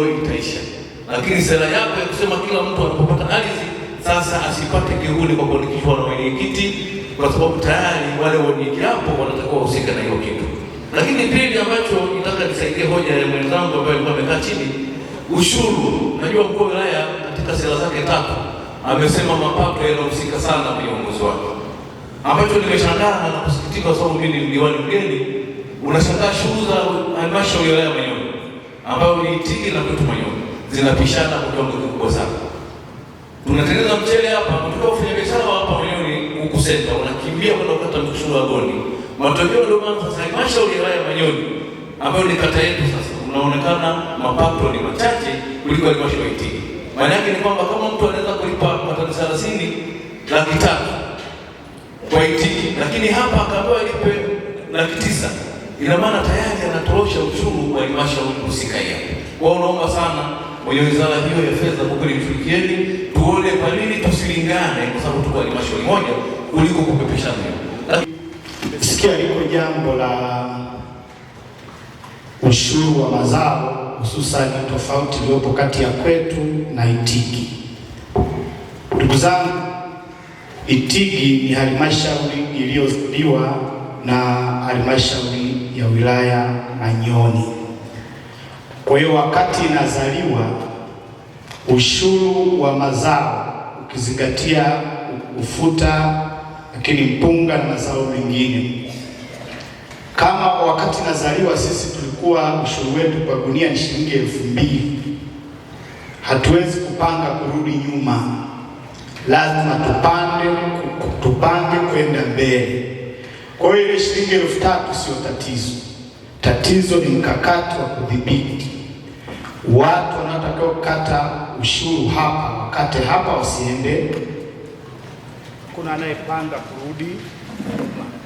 itaisha, lakini sera yako ya kusema kila mtu anapopata ardhi sasa asipate kihuni kwa kuandikishwa na wenyekiti, kwa sababu tayari wale wenye kiapo wanatakiwa wahusika na hiyo kitu. Lakini pili, ambacho nataka nisaidie hoja ya mwenzangu ambaye alikuwa amekaa chini, ushuru. Najua mkuu wa wilaya katika sera zake tatu amesema mapato yanahusika sana viongozi wake, ambacho nimeshangaa na kusikitika, kwa sababu mimi ni diwani mgeni, unashangaa shughuli za halmashauri ya wilaya mwenyewe ambayo ni tiki na kwetu manyoni zinapishana kwa kiwango kikubwa sana. Tunatengeneza mchele hapa, kutoka kufanya biashara hapa manyoni ukusenta, unakimbia kwenda kupata mkushuru wa goni. Matokeo ndio maana sasa halmashauri ya manyoni ambayo ni kata yetu sasa, unaonekana mapato ni machache kuliko halmashauri ya Itigi. Maana yake ni kwamba kama mtu anaweza kulipa patani thelathini laki tatu kwa Itigi, lakini hapa akaambiwa alipe laki tisa ina maana tayari yanatorosha ushuru wa halmashauri husika hiyo. Kwa hiyo naomba sana mwenye wizara hiyo ya fedha, kwa kweli mshirikieni, tuone kwa nini tusilingane, kwa sababu tuko halmashauri moja kuliko kupepeshana. Sikia liko jambo la ushuru wa mazao, hususan tofauti iliyopo kati ya kwetu na Itigi. Ndugu zangu, Itigi ni halmashauri iliyozaliwa na halmashauri ya wilaya Manyoni. Kwa hiyo wakati inazaliwa ushuru wa mazao ukizingatia ufuta, lakini mpunga na mazao mengine, kama wakati inazaliwa sisi tulikuwa ushuru wetu kwa gunia ni shilingi elfu mbili. Hatuwezi kupanga kurudi nyuma, lazima tupande tupange kwenda mbele. Kwa hiyo ile shilingi elfu tatu sio tatizo. Tatizo ni mkakati wa kudhibiti watu wanaotakiwa kukata ushuru hapa wakate hapa, wasiende. Kuna anayepanga kurudi